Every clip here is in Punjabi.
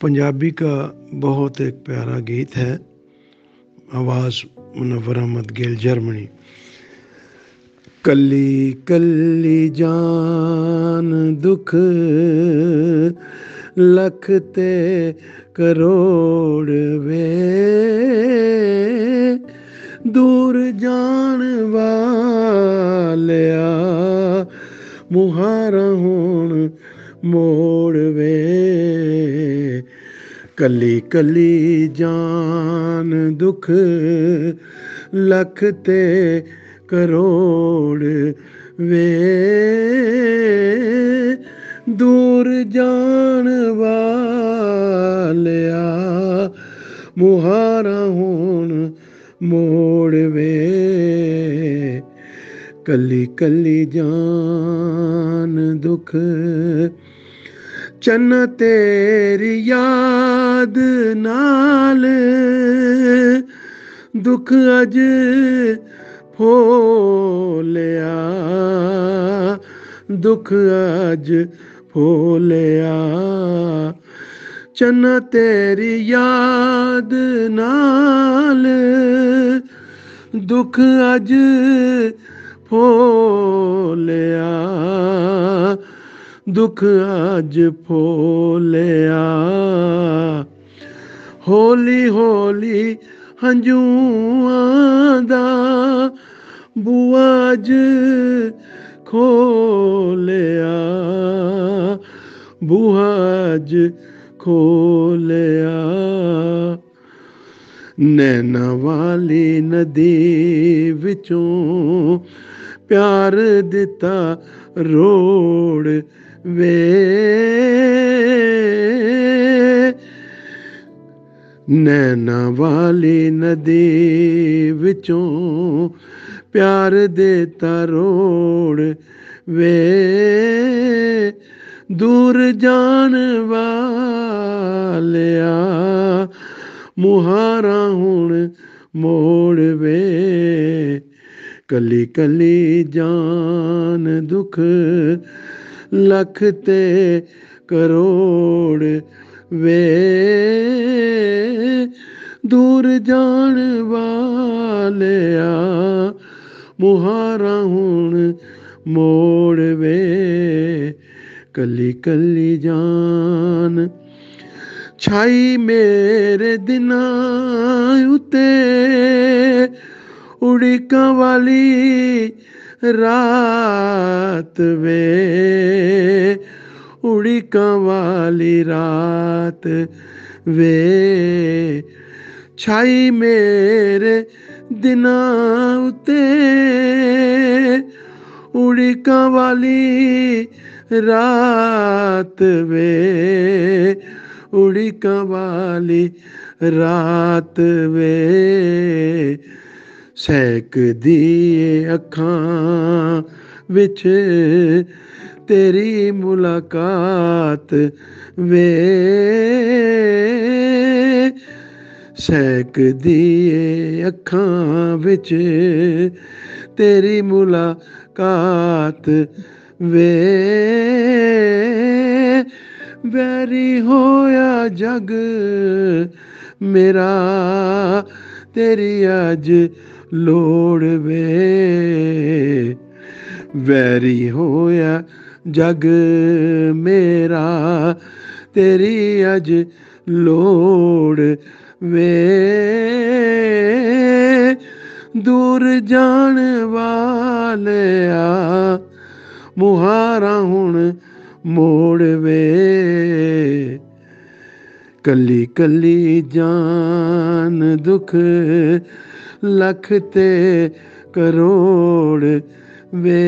ਪੰਜਾਬੀ ਦਾ ਬਹੁਤ ਇੱਕ ਪਿਆਰਾ ਗੀਤ ਹੈ ਆਵਾਜ਼ ਮਨਵਰ ਅਮਦ ਗਿਲ ਜਰਮਨੀ ਕੱਲੀ ਕੱਲੀ ਜਾਨ ਦੁੱਖ ਲਖ ਤੇ ਕਰੋੜ ਵੇ ਦੂਰ ਜਾਣ ਵਾਲਿਆ ਮੁਹਾਰਾ ਹੋਣ ਮੋੜ ਵੇ ਕੱਲੀ ਕੱਲੀ ਜਾਨ ਦੁਖ ਲਖ ਤੇ ਕਰੋੜ ਵੇ ਦੂਰ ਜਾਣ ਵਾਲਿਆ ਮੁਹਾਰਾ ਹੋਣ ਮੋੜ ਵੇ ਕੱਲੀ ਕੱਲੀ ਜਾਨ ਦੁਖ ਚੰਨ ਤੇਰੀ ਯਾਦ ਨਾਲ ਦੁੱਖ ਅਜ ਫੋਲਿਆ ਦੁੱਖ ਅਜ ਫੋਲਿਆ ਚੰਨ ਤੇਰੀ ਯਾਦ ਨਾਲ ਦੁੱਖ ਅਜ ਫੋਲਿਆ ਦੁਖ ਅਜ ਫੋਲਿਆ ਹੋਲੀ ਹੋਲੀ ਹੰਝੂਆਂ ਦਾ ਬੂਆਜ ਖੋਲਿਆ ਬੂਆਜ ਖੋਲਿਆ ਨੈਣ ਵਾਲੀ ਨਦੀ ਵਿੱਚੋਂ ਪਿਆਰ ਦਿੱਤਾ ਰੋੜ ਵੇ ਨੈਣਾ ਵਾਲੀ ਨਦੀ ਵਿੱਚੋਂ ਪਿਆਰ ਦੇ ਤਰੋੜ ਵੇ ਦੂਰ ਜਾਣ ਵਾਲਿਆ ਮੁਹਾਰਾ ਹੁਣ ਮੋੜ ਵੇ ਕੱਲੀ ਕੱਲੀ ਜਾਨ ਦੁਖ ਲਖ ਤੇ ਕਰੋੜ ਵੇ ਦੂਰ ਜਾਣ ਵਾਲਿਆ ਮੁਹਾਰਾ ਹੁਣ ਮੋੜ ਵੇ ਕੱਲੀ ਕੱਲੀ ਜਾਨ ਛਾਈ ਮੇਰੇ ਦਿਨਾਂ ਉਤੇ ਉੜਿਕਾਂ ਵਾਲੀ ਰਾਤ ਵੇ ਉੜਿਕਾਂ ਵਾਲੀ ਰਾਤ ਵੇ ਛਾਈ ਮੇਰੇ ਦਿਨਾਂ ਉਤੇ ਉੜਿਕਾਂ ਵਾਲੀ ਰਾਤ ਵੇ ਉੜਿਕਾਂ ਵਾਲੀ ਰਾਤ ਵੇ ਦੀ ਅੱਖਾਂ ਵਿੱਚ ਤੇਰੀ ਮੁਲਾਕਾਤ ਵੇ ਦੀ ਅੱਖਾਂ ਵਿੱਚ ਤੇਰੀ ਮੁਲਾਕਾਤ ਵੇ ਵੈਰੀ ਹੋਇਆ ਜਗ ਮੇਰਾ ਤੇਰੀ ਅੱਜ ਲੋੜ ਵੇ ਵੈਰੀ ਹੋਇਆ ਜਗ ਮੇਰਾ ਤੇਰੀ ਅੱਜ ਲੋੜ ਵੇ ਦੂਰ ਜਾਣ ਵਾਲਿਆ ਮੁਹਾਰਾ ਹੁਣ ਮੋੜ ਵੇ ਕੱਲੀ ਕੱਲੀ ਜਾਨ ਦੁਖ ਲਖ ਤੇ ਕਰੋੜ ਵੇ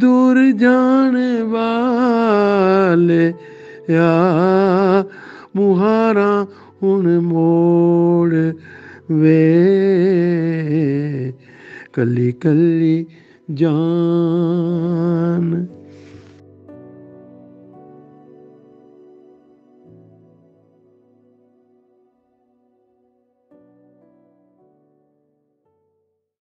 ਦੂਰ ਜਾਣ ਵਾਲੇ ਆ ਮੁਹਾਰਾ ਹੁਣ ਮੋੜ ਵੇ ਕੱਲੀ ਕੱਲੀ ਜਾਨ